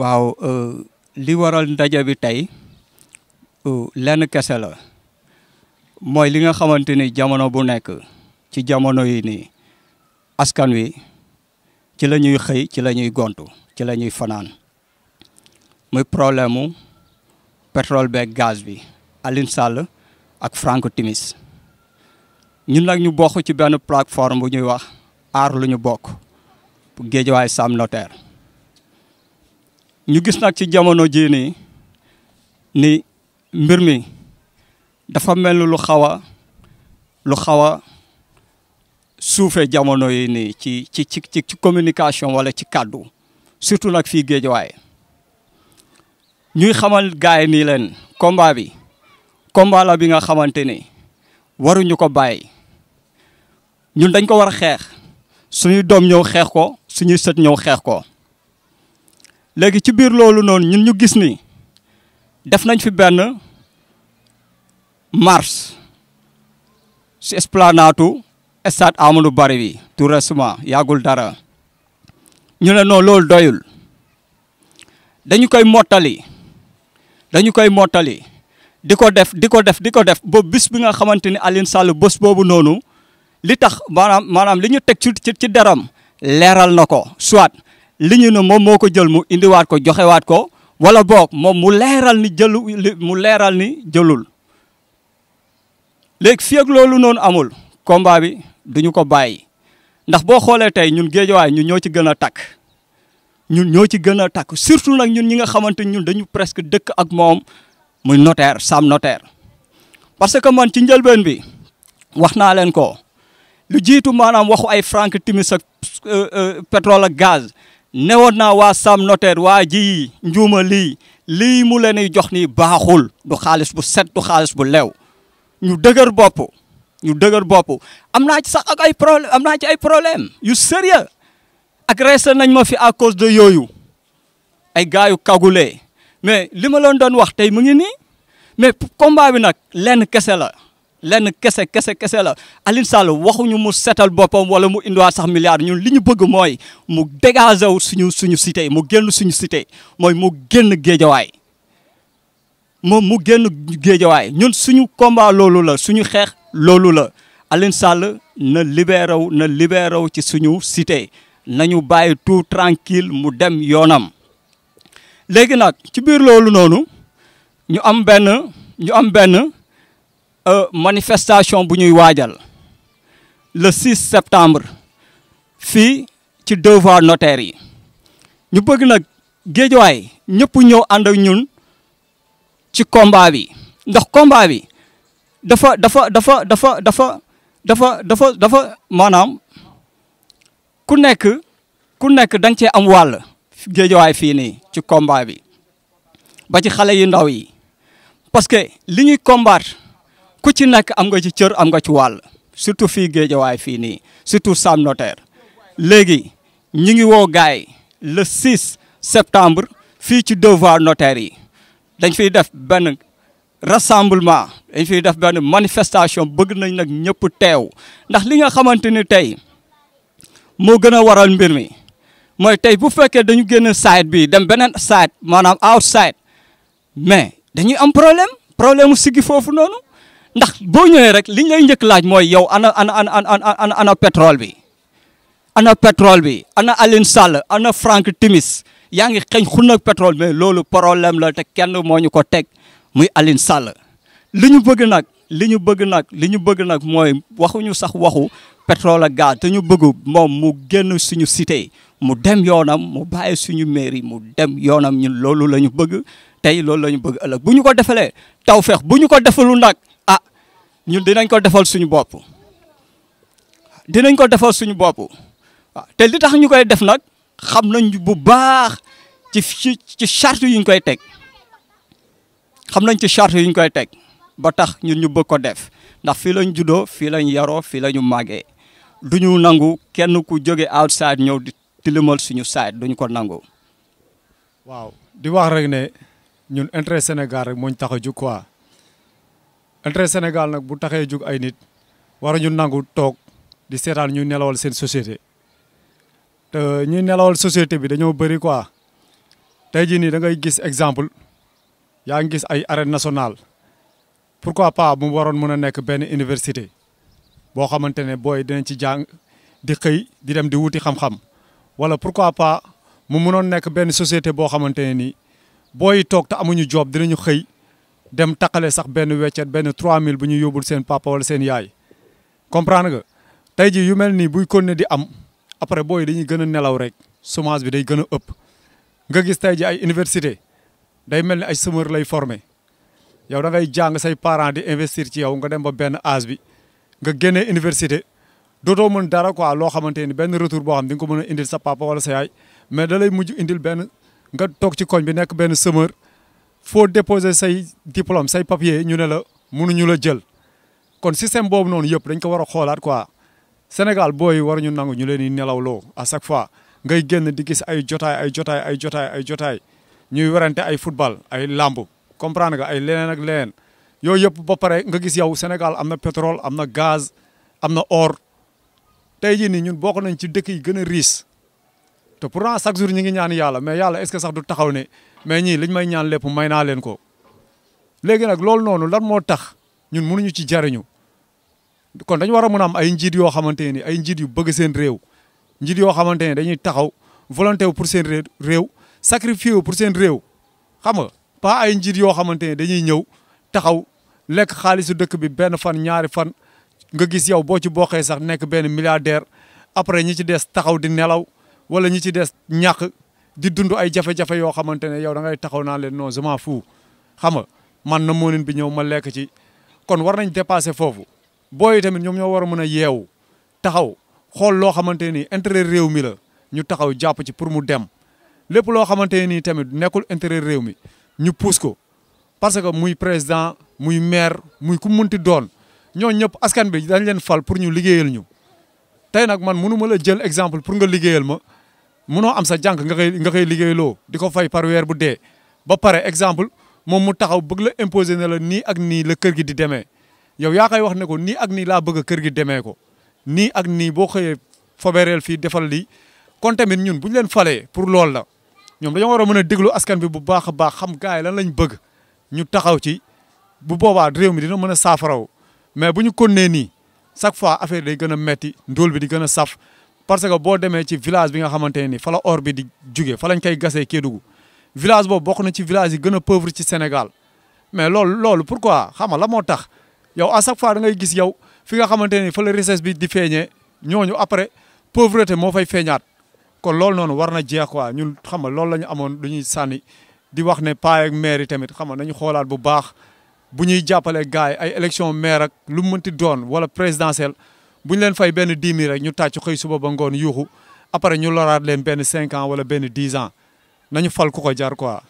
waaw euh, li waral ndaje bi tey euh, lenn kese la mooy li nga xamante ni jamono bu nekk ci jamono yi nii askan wi ci la ñuy xëy ci la ñuy gontu ci la ñuy fanaan muy problème mu pétrole beeg gaz bi Alioune Sall ak Franck Timis ñun nag ñu bokk ci benn plateforme bu ñuy wax aar lu ñu bokk Guédiawaye Sam Notaire ñu gis nag ci jamono jii nii ni mbir mi dafa mel ni lu xaw a lu xaw a suufee jamono yi nii ci ci ci ci communication wala ci kàddu surtout nag fii Géejawaay ñuy xamal gaay yi nii leen combat bi combat bi nga xamante ni waruñu ko bàyyi ñun dañ ko war a xeex suñuy doom ñëw xeex ko suñuy set ñëw xeex ko. léegi ci biir loolu noonu ñun ñu gis ni def nañ fi benn marche si esplanadu stade Amadou Barry bi tout yàggul dara ñu ne noonu loolu doyul dañu koy mottali dañu koy mottali di ko def di ko def di ko def ba bis bi nga xamante ni Alioune Sall bés boobu noonu li tax maanaam maanaam li ñu teg ci ci deram leeral na ko soit li ñu ne moom moo ko jël mu indiwaat ko joxewaat ko wala boog moom mu leeral ni jëlu leeral ni jëlul léegi fii loolu noonu amul combat bi duñu ko bàyyi ndax boo xoolee tey ñun géejawaay ñun ñoo ci gën a takk ñun ñoo ci gën a takk surtout nag ñun ñi nga xamante ñun dañu presque dëkk ak moom muy notaire sam notaire. parce que man ci njëlbeen bi wax naa leen ko lu jiitu maanaam waxu ay Frank Timis ak euh, euh, pétrole ak gaz. newoon naa waa Sam Notaire waa ji njuuma lii lii mu leen jox nii baaxul du xaalis bu set du xaalis bu leew ñu dëgër bopp ñu dëgër bopp am naa ci sax ak ay problème am naa ci ay problème yu sérieux agressé nañ ma fi à cause de yooyu ay gars yu kagulee mais li ma leen doon wax tey mu ngi nii mais combat bi nag lenn kese la lenn kese kese kese la Alioune waxuñu mu setal boppam wala mu indiwaat sax milliard ñun li ñu bëgg mooy mu dégager wu suñu suñu cité mu génn suñu cité mooy mu génn géejawaay moom mu génn géejawaay ñun suñu combat loolu la suñu xeex loolu la Alioune Sall na libéré na libéré ci suñu cité nañu bàyyi tout tranquille mu dem yoonam léegi nag ci biir loolu noonu ñu am benn ñu am benn Euh, manifestation bu ñuy waajal le 6 septembre fii ci devoir notaire yi ñu bëgg nag géejawaay ñëpp ñëw ànd ak ñun ci combat bi ndax combat bi dafa dafa dafa dafa dafa dafa dafa dafa maanaam ku nekk ku nekk da nga am wàll géejawaay fii nii ci combat bi ba ci xale yu ndaw yi parce li ñuy combattre ku ci nekk am nga ci cër am nga ci wàll surtout fii géejawaay fii nii surtout Sam Notaire léegi ñi ngi woo gaay le 6 septembre fii ci devoir notaire yi dañ fiy def benn rassemblement dañ fiy def benn manifestation bëgg nañ nag ñëpp teew ndax li nga xamante ni tey moo gën a waral mbir mi mooy tey bu fekkee dañu génn side bi dem beneen side maanaam outside mais dañuy am problème problème siggi foofu noonu ndax boo ñëwee rek li lay njëkk laaj mooy yow ana ana ana ana ana pétrole bi ana pétrole bi ana Alioune Sall ana Frank Timis yaa ngi xëñ xun ak pétrole mais loolu problème la te kenn moo ñu ko teg muy Alioune Sall li ñu bëgg nag li ñu bëgg nag li ñu bëgg nag mooy waxuñu sax waxu pétrole ak gaz te ñu bëgg moom mu génn suñu site mu dem yoonam mu bàyyi suñu mairie mu dem yoonam ñun loolu la ñu bëgg tey loolu la ñu bëgg ëllëg bu ñu ko defalee taw feex bu ñu ko defalu nag ñun dinañ ko defal suñu bopp dinañ ko defal suñu bopp waaw te li tax ñu koy def nag xam nañ bu baax ci ci ci charte yu ñu koy teg xam nañ ci charte yu ñu koy teg ba tax ñun ñu bëgg ko def ndax fii lañ juddoo fii lañ yaroo fii la ñu màggee du ñu nangu kenn ku jóge outside ñëw di tilimal suñu side duñ ko nangu. waaw di wax rek ne ñun intérêt Sénégal rek mooñ tax a jóg quoi. intérêt Sénégal nag bu taxee jug ay nit waruñu nangu toog di seetaan ñu nelawal seen société te ñuy nelawal société bi dañoo bëri quoi tey jii nii da ngay gis exemple yaa ngi gis ay arène nationale pourquoi pas mu waroon mën a nekk benn université boo xamante ne booy dinañ ci jàng di xëy di dem di wuti xam-xam wala pourquoi pas mu mënoon nekk benn société boo xamante ne nii booy toog te amuñu job dinañu xëy. dem taqale sax benn weccet benn 3000 bu ñu yóbbul seen papa wala seen yaay comprendre ga tey jii yu mel nii buy kon ne di am après booy dañuy gën a nelaw rek chômage bi day gën a ëpp nga gis tey ji ay université day mel ni ay chômeur lay former yow da ngay jàng say parents di investir ci yow nga dem ba benn âge bi nga génnee université dootoo mën dara quoi loo xamante ni benn retour boo xam di nga ko mën a indil sa papa wala sa yaay mais da lay mujj indil benn nga toog ci koñ bi nekk benn chômeur foo déposé say diplôme say papier ñu ne la mënuñu la jël kon système boobu noonu yëpp dañ ko war a xoolaat quoi Sénégal booy war ñu nangu ñu leen di nelawloo à chaque fois ngay génn di gis ay jotaay ay jotaay ay jotaay ay jotaay ñuy werante ay football ay làmb comprendre nga ay leneen ak leen yooyu yëpp ba pare nga gis yow Sénégal am na pétrole am na gaz am na or tey jii nii ñun bokk nañ ci dëkk yi gën a riis te pourtant chaque jour ñi ngi ñaan yàlla mais yàlla est-ce que sax du taxaw ne mais ñii liñ may ñaan lépp may naa leen ko léegi nag loolu noonu lan moo tax ñun mënuñu ci jare jariñu kon dañu war a mën a am ay njiit yoo xamante ni ay njiit yu bëgg seen réew njiit yoo xamante ne dañuy taxaw volonté wu pour seen réew sacrifié wu pour seen réew xam nga pas ay njiit yoo xamante ne dañuy ñëw taxaw lekk xaalisu dëkk bi benn fan ñaari fan nga gis yow boo ci bokkee sax nekk benn milliardaire après ñi ci des taxaw di nelaw wala ñi ci des ñàkk di dund ay jafe-jafe yoo xamante ne yow da taxaw naa leen non je m'en fous xam nga man na moonin bi ñëw ma lekk ci kon war nañ dépasser foofu booy tamit ñoom ñoo war a mën a yeewu taxaw xool loo xamante ni intérêt réew mi la ñu taxaw jàpp ci pour mu dem lépp loo xamante ni tamit nekkul intérêt réew mi ñu pousse ko parce que muy président muy maire muy ku munti doon ñoo ñëpp askan bi dañ leen fal pour ñu liggéeyal ñu tey nag man mënu ma la jël exemple pour nga liggéeyal ma mënoo am sa jànk nga koy nga koy liggéeyloo di ko fay par weer bu dee ba pare exemple moom mu taxaw bëgg la imposé na la nii ak nii la kër gi di demee yow yaa koy wax ne ko nii ak nii laa bëgg kër gi demee ko nii ak nii boo xëyee fobereel fii defal lii kon tamit ñun bu ñu leen falee pour loolu la ñoom dañoo war a mën a déglu askan bi bu baax a baax xam gars yi lan lañ bëgg ñu taxaw ci bu boobaa réew mi dina mën a saafaraw mais bu konnee nii chaque fois affaire day gën a metti ndóol bi di gën a saf parce que boo demee ci village bi nga xamante ne ni fa or bi di jugee fa lañ koy gasee Kédougou village boobu bokk na ci village yi gën a pauvre ci Sénégal mais loolu loolu pourquoi xam nga la moo tax yow à chaque fois da ngay gis yow fi nga xamante ne fa la richesse bi di feeñee ñooñu après pauvreté moo fay feeñaat kon loolu noonu war na jeex quoi ñun xam nga loolu la ñu amoon du ñuy sànni di wax ne paa ak maire yi tamit xam nga nañu xoolaat bu baax. bu ñuy jàppale gars ay élection maire ak lu mu mënti doon wala présidentielle bu ñu leen fay benn dix mille rek ñu tàcc xëy suba ba ngoon yuuxu après ñu loraat leen benn cinq ans wala benn dix ans nañu fal ku ko jar quoi.